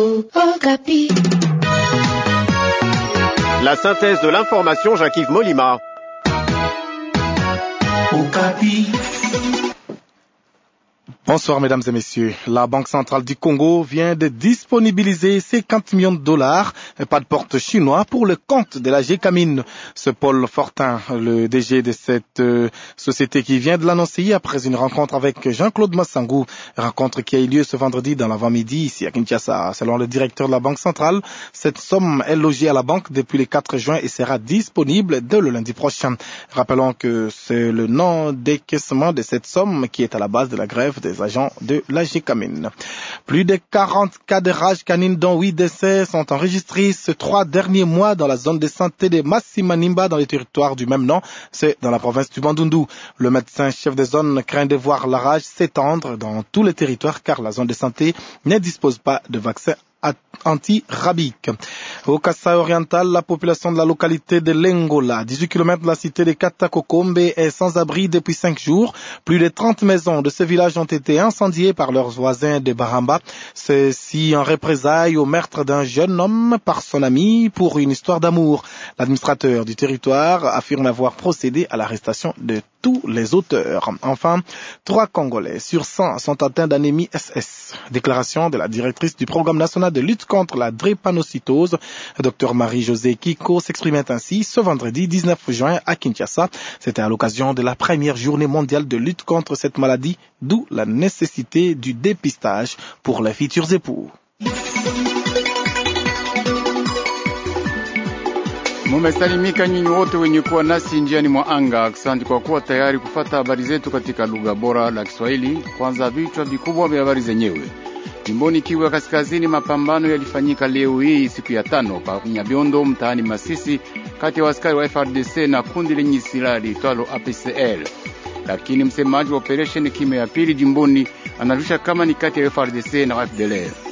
Oh, La synthèse de l'information, Jacques-Yves Molima. Oh, Bonsoir mesdames et messieurs. La Banque centrale du Congo vient de disponibiliser 50 millions de dollars, pas de porte chinois, pour le compte de la GCAMINE. Ce Paul Fortin, le DG de cette euh, société qui vient de l'annoncer après une rencontre avec Jean-Claude Massangou, rencontre qui a eu lieu ce vendredi dans l'avant-midi ici à Kinshasa. Selon le directeur de la Banque centrale, cette somme est logée à la banque depuis le 4 juin et sera disponible dès le lundi prochain. Rappelons que c'est le non-décaissement de cette somme qui est à la base de la grève des de la Plus de 40 cas de rage canine dont 8 décès sont enregistrés ces trois derniers mois dans la zone de santé de Massimanimba dans les territoires du même nom, c'est dans la province du Bandundu. Le médecin chef de zone craint de voir la rage s'étendre dans tous les territoires car la zone de santé ne dispose pas de vaccins anti-rabique. Au Kassai oriental, la population de la localité de Lengola, 18 km de la cité de Katakokombe, est sans abri depuis 5 jours. Plus de 30 maisons de ce village ont été incendiées par leurs voisins de Baramba. Ceci en représailles au meurtre d'un jeune homme par son ami pour une histoire d'amour. L'administrateur du territoire affirme avoir procédé à l'arrestation de tous les auteurs. Enfin, trois Congolais sur 100 sont atteints d'anémie SS. Déclaration de la directrice du programme national de lutte contre la drépanocytose, Dr Marie-Josée Kiko, s'exprimait ainsi ce vendredi 19 juin à Kinshasa. C'était à l'occasion de la première journée mondiale de lutte contre cette maladie, d'où la nécessité du dépistage pour les futurs époux. Mumesalimika nyinyi wote wenye kuwa nasi njiani mwa anga. Asante kwa kuwa tayari kufata habari zetu katika lugha bora la Kiswahili. Kwanza vichwa vikubwa vya habari zenyewe. Jimboni Kivu ya Kaskazini, mapambano yalifanyika leo hii siku ya tano pa Nyabiondo mtaani Masisi, kati ya askari wa FRDC na kundi lenye silaha liitwalo APCL, lakini msemaji wa operesheni kime ya pili jimboni anarusha kama ni kati ya FRDC na FDLR.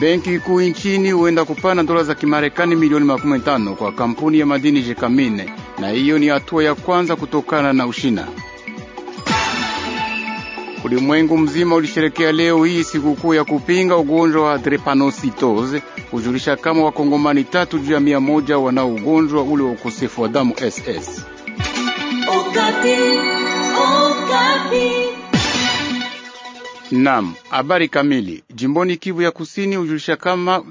Benki kuu nchini huenda kupana dola za Kimarekani milioni makumi tano kwa kampuni ya madini Jekamine, na hiyo ni hatua ya kwanza kutokana na ushina. Ulimwengu mzima ulisherekea leo hii sikukuu ya kupinga ugonjwa wa drepanositos, kujulisha kama wakongomani tatu juu ya mia moja wana ugonjwa ule wa ukosefu wa damu SS. Okapi, Okapi. Naam, habari kamili. Jimboni Kivu ya Kusini hujulisha kama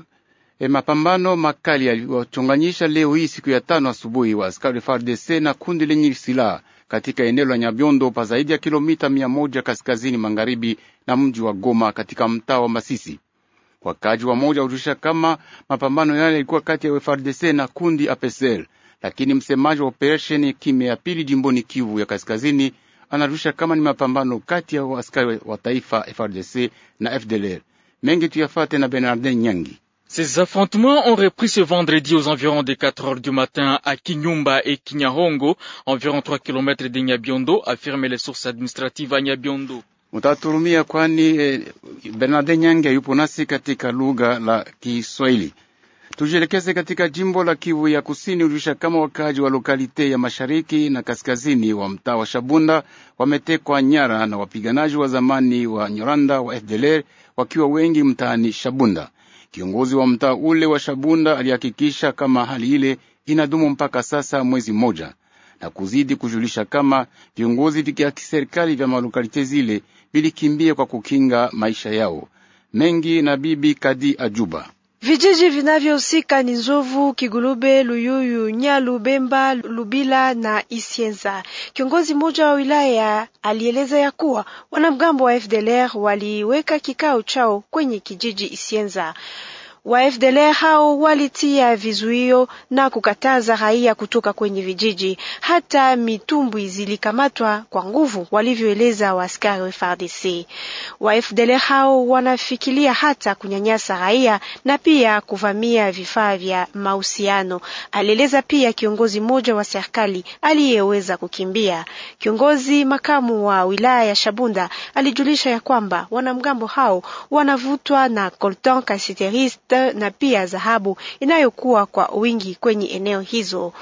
e, mapambano makali yaliyochonganyisha leo hii siku ya tano asubuhi wa askari FARDC na kundi lenye silaha katika eneo la Nyabiondo pa zaidi ya kilomita mia moja kaskazini magharibi na mji wa Goma katika mtaa wa Masisi. Wakaji wa moja hujulisha kama mapambano yale yalikuwa kati ya FARDC na kundi APSL, lakini msemaji wa operesheni kimya ya pili jimboni Kivu ya Kaskazini anarusha kama ni mapambano kati ya askari wa taifa FRDC na FDLR. Mengi tuyafate na Bernardin Nyangi. Ces affrontements ont repris ce vendredi aux environs de 4 heures du matin à Kinyumba et Kinyahongo, environ 3 km de Nyabiondo, affirment les sources administratives à Nyabiondo. Mutaturumia kwani eh, Bernardin Nyangi yupo nasi katika lugha la Kiswahili. Tujielekeze katika jimbo la Kivu ya Kusini, ulisha kama wakaaji wa lokalite ya mashariki na kaskazini wa mtaa wa Shabunda wametekwa nyara na wapiganaji wa zamani wa Nyoranda wa FDLR wakiwa wengi mtaani Shabunda. Kiongozi wa mtaa ule wa Shabunda alihakikisha kama hali ile inadumu mpaka sasa mwezi mmoja, na kuzidi kujulisha kama viongozi vya kiserikali vya malokalite zile vilikimbia kwa kukinga maisha yao mengi. Na bibi Kadi Ajuba Vijiji vinavyohusika ni Nzovu, Kigulube, Luyuyu, Nyalu, Bemba, Lubila na Isienza. Kiongozi mmoja wa wilaya alieleza ya kuwa wanamgambo wa FDLR waliweka kikao chao kwenye kijiji Isienza. Wafdele hao walitia vizuio na kukataza raia kutoka kwenye vijiji, hata mitumbwi zilikamatwa kwa nguvu, walivyoeleza waaskari wa FARDC. Wafdele hao wanafikilia hata kunyanyasa raia na pia kuvamia vifaa vya mahusiano, alieleza pia kiongozi mmoja wa serikali aliyeweza kukimbia. Kiongozi makamu wa wilaya ya Shabunda alijulisha ya kwamba wanamgambo hao wanavutwa na Colton Kasiteris na pia dhahabu inayokuwa kwa wingi kwenye eneo hizo.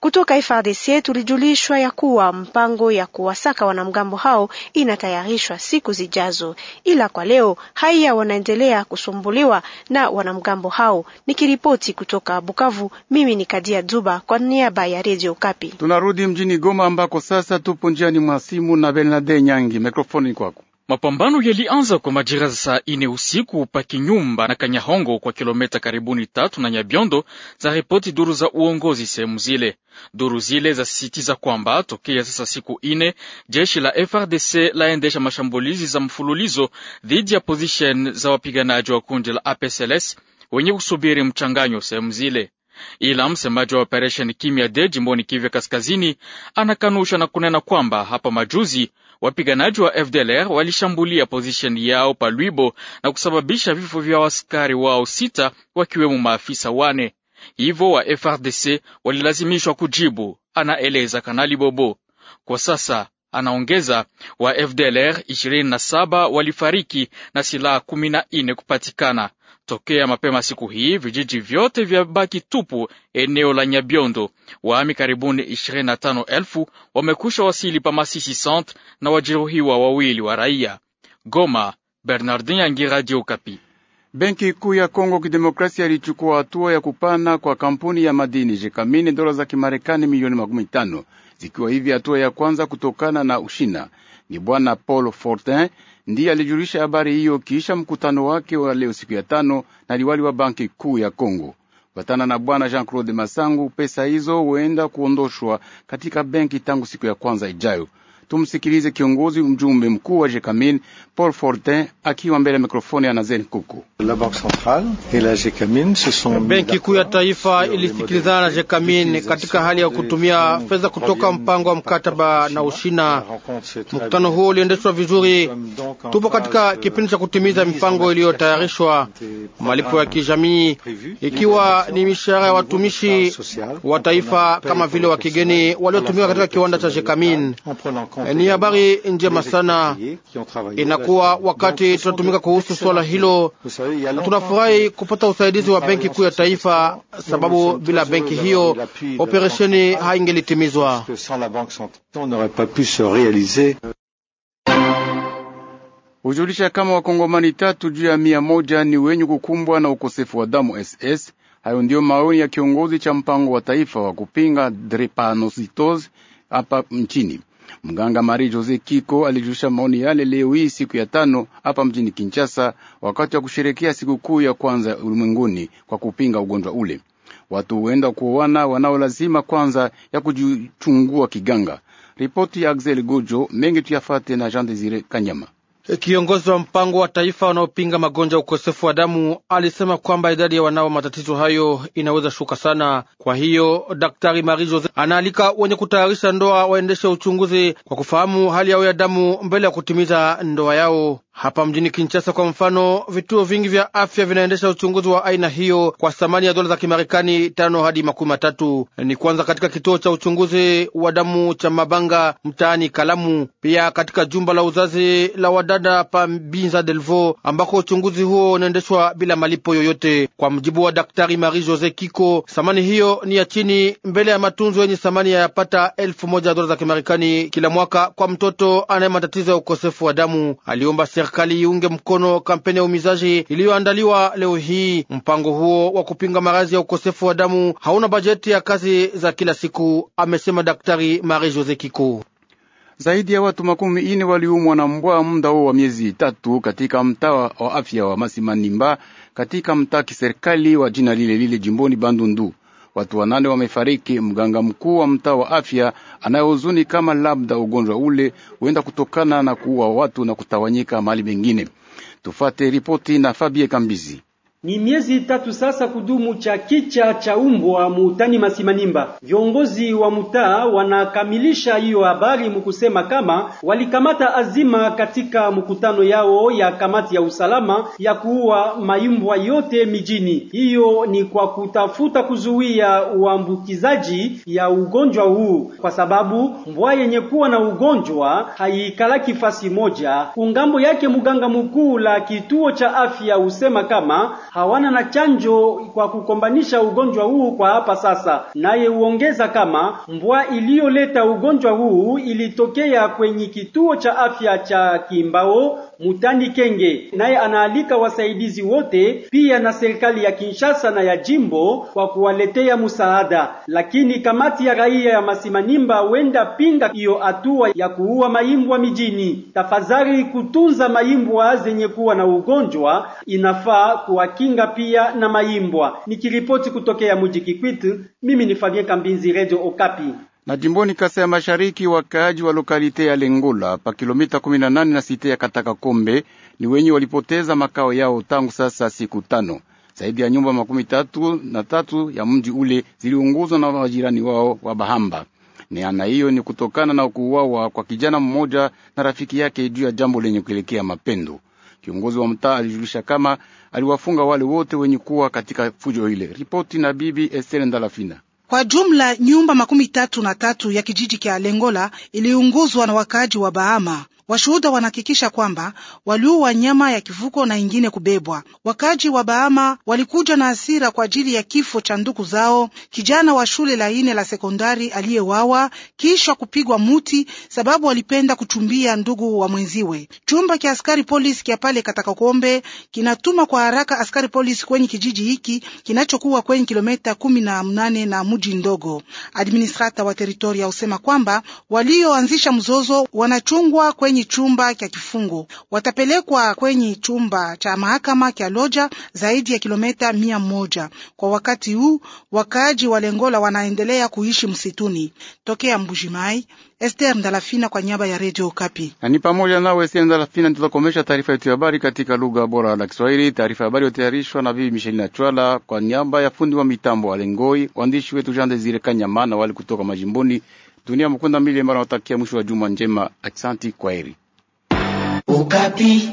Kutoka FARDC tulijulishwa ya kuwa mpango ya kuwasaka wanamgambo hao inatayarishwa siku zijazo, ila kwa leo haya wanaendelea kusumbuliwa na wanamgambo hao. Nikiripoti kutoka Bukavu, mimi ni Kadia Duba kwa niaba ya Radio Kapi. Tunarudi mjini Goma ambako sasa tupo njiani mwa simu na Bernard Nyangi, mikrofoni kwako. Mapambano yalianza kwa majira za saa ine usiku pa Kinyumba na Kanyahongo kwa kilometa karibuni tatu na Nyabiondo, za ripoti duru za uongozi sehemu zile. Duru zile zasisitiza kwamba tokea sasa siku ine jeshi la FRDC laendesha mashambulizi za mfululizo dhidi ya position za wapiganaji wa kundi la APSLS wenye kusubiri mchanganyo sehemu zile. Ila msemaji wa operesheni Kimya de jimboni kivya Kaskazini anakanusha na kunena kwamba hapa majuzi wapiganaji wa FDLR walishambulia pozisheni yao palwibo na kusababisha vifo vya waskari wao sita wakiwemo maafisa wane. Hivyo wa FRDC walilazimishwa kujibu, anaeleza Kanali Bobo. Kwa sasa Anaongeza wa FDLR 27 walifariki na silaha kumi na nne kupatikana tokea mapema siku hii. Vijiji vyote vya baki tupu eneo la Nyabiondo. Waami karibuni 25 wamekusha wasili pa Masisi centre na wajeruhiwa wawili wa raia. Goma, Bernardin Yangi, Radio Benki kuu ya Kongo Kidemokrasia ilichukua hatua ya kupana kwa kampuni ya madini Jekamine dola za Kimarekani milioni makumi tano zikiwa hivi hatua ya kwanza kutokana na Ushina. Ni bwana Paul Fortin ndiye alijulisha habari hiyo kisha mkutano wake wa leo siku ya tano na liwali wa banki kuu ya Kongo. Kufatana na bwana Jean Claude Masangu, pesa hizo huenda kuondoshwa katika benki tangu siku ya kwanza ijayo. Tumsikilize kiongozi mjumbe mkuu wa Jekamin Paul Fortin akiwa mbele ya mikrofoni ya Nazen Kuku. Benki kuu ya taifa ilisikilizana na Jekamin katika hali ya kutumia fedha kutoka mpango wa mkataba na Ushina. Mkutano huo uliendeshwa vizuri, tupo katika kipindi cha kutimiza mipango iliyotayarishwa, malipo ya kijamii, ikiwa ni mishahara ya watumishi wa taifa kama vile wa kigeni waliotumiwa katika kiwanda cha Jekamin. Eh, ni habari njema sana, inakuwa wakati tunatumika kuhusu swala hilo. Tunafurahi euh, kupata usaidizi wa benki kuu ya taifa, sababu bila benki hiyo operesheni haingelitimizwa. Hujulisha kama wakongomani tatu juu ya mia moja ni wenye kukumbwa na ukosefu wa damu SS. Hayo ndiyo maoni ya kiongozi cha mpango wa taifa wa kupinga drepanocytosis hapa nchini. Mganga Marie Jose Kiko alijulisha maoni yale leo hii siku ya tano hapa mjini Kinshasa, wakati wa kusherekea sikukuu ya kwanza ulimwenguni kwa kupinga ugonjwa ule. Watu huenda kuoana wanao lazima kwanza ya kujichungua kiganga. Ripoti ya Axel Gojo mengi tuyafate na Jean Desire Kanyama. Kiongozi wa mpango wa taifa wanaopinga magonjwa ya ukosefu wa damu alisema kwamba idadi ya wanao matatizo hayo inaweza shuka sana. Kwa hiyo Daktari Marie Jose anaalika wenye kutayarisha ndoa waendeshe uchunguzi kwa kufahamu hali yao ya damu mbele ya kutimiza ndoa yao. Hapa mjini Kinshasa kwa mfano, vituo vingi vya afya vinaendesha uchunguzi wa aina hiyo kwa thamani ya dola za Kimarekani tano hadi makumi matatu. Ni kwanza katika kituo cha uchunguzi wa damu cha Mabanga mtaani Kalamu, pia katika jumba la uzazi la wadada pa Binza Delvo, ambako uchunguzi huo unaendeshwa bila malipo yoyote. Kwa mjibu wa Daktari Marie Jose Kiko, thamani hiyo ni ya chini mbele ya matunzo yenye thamani ya yapata elfu moja dola za Kimarekani kila mwaka kwa mtoto anaye matatizo ya ukosefu wa damu. Aliomba serikali iunge mkono kampeni ya umizaji iliyoandaliwa leo hii. Mpango huo wa kupinga maradhi ya ukosefu wa damu hauna bajeti ya kazi za kila siku, amesema Daktari Marie Jose Kiko. Zaidi ya watu makumi ine waliumwa na mbwa muda huo wa miezi tatu katika mtaa wa afya wa Masimanimba katika mtaa kiserikali wa jina lile lile jimboni Bandundu watu wanane wamefariki. Mganga mkuu wa mtaa wa afya anayehuzuni kama labda ugonjwa ule huenda kutokana na kuua watu na kutawanyika mahali mengine. Tufate ripoti na Fabie Kambizi. Ni miezi tatu sasa kudumu cha kicha cha umbwa mutani Masimanimba. Viongozi wa mutaa wanakamilisha hiyo habari mukusema kama walikamata azima katika mkutano yao ya kamati ya usalama ya kuua mayumbwa yote mijini. Hiyo ni kwa kutafuta kuzuia uambukizaji ya ugonjwa huu, kwa sababu mbwa yenye kuwa na ugonjwa haikalaki fasi moja. Kungambo yake mganga mkuu la kituo cha afya usema kama hawana na chanjo kwa kukombanisha ugonjwa huu kwa hapa sasa. Naye uongeza kama mbwa iliyoleta ugonjwa huu ilitokea kwenye kituo cha afya cha Kimbao mutani Kenge naye anaalika wasaidizi wote pia na serikali ya Kinshasa na ya jimbo kwa kuwaletea msaada, lakini kamati ya raia ya Masimanimba wenda pinga hiyo hatua ya kuua maimbwa mijini. Tafadhali kutunza maimbwa zenye kuwa na ugonjwa, inafaa kuwakinga pia na maimbwa. Nikiripoti kutokea mji Kikwit, mimi ni Fabien Kambinzi, Radio Okapi na jimboni Kasa ya Mashariki, wakaaji wa lokalite ya Lengola pa kilomita 18 na site ya Kataka Kombe ni wenye walipoteza makao yao tangu sasa siku tano. Zaidi ya nyumba makumi tatu na tatu ya mji ule ziliunguzwa na wajirani wao wa Bahamba. ana hiyo ni kutokana na kuuawa kwa kijana mmoja na rafiki yake juu ya jambo lenye kuelekea mapendo. Kiongozi wa mtaa alijulisha kama aliwafunga wale wote wenye kuwa katika fujo ile. Ripoti na bibi Esther Ndalafina. Kwa jumla nyumba makumi tatu na tatu ya kijiji kya Lengola iliunguzwa na wakaaji wa Bahama. Washuhuda wanahakikisha kwamba waliua nyama ya kivuko na ingine kubebwa. Wakaji wa Bahama walikuja na hasira kwa ajili ya kifo cha ndugu zao, kijana wa shule la ine la sekondari aliyewawa kisha kupigwa muti sababu walipenda kuchumbia ndugu wa mwenziwe. Chumba kya askari polisi kya pale Katakakombe kinatuma kwa haraka askari polisi kwenye kijiji hiki kinachokuwa kwenye kilometa kumi na mnane na muji ndogo. Administrata wa teritoria husema kwamba walioanzisha mzozo wanachungwa kwenye kwenye chumba cha kifungo. Watapelekwa kwenye chumba cha mahakama cha Loja, zaidi ya kilomita mia moja. Kwa wakati huu wakaaji wa Lengola wanaendelea kuishi msituni. Tokea Mbujimai, Esther Ndalafina kwa niaba ya Radio Kapi. Ni pamoja nawe Esther Ndalafina, ndizokomesha taarifa yetu ya habari katika lugha bora la Kiswahili. Taarifa ya habari yotayarishwa na Bibi Michelina Chwala kwa niaba ya fundi wa mitambo wa Lengoi, waandishi wetu Jean Desire Kanyama na wale kutoka majimboni Dunia Mili, mara watakia mwisho wa juma njema. Aksanti, kwaheri. Ukapi.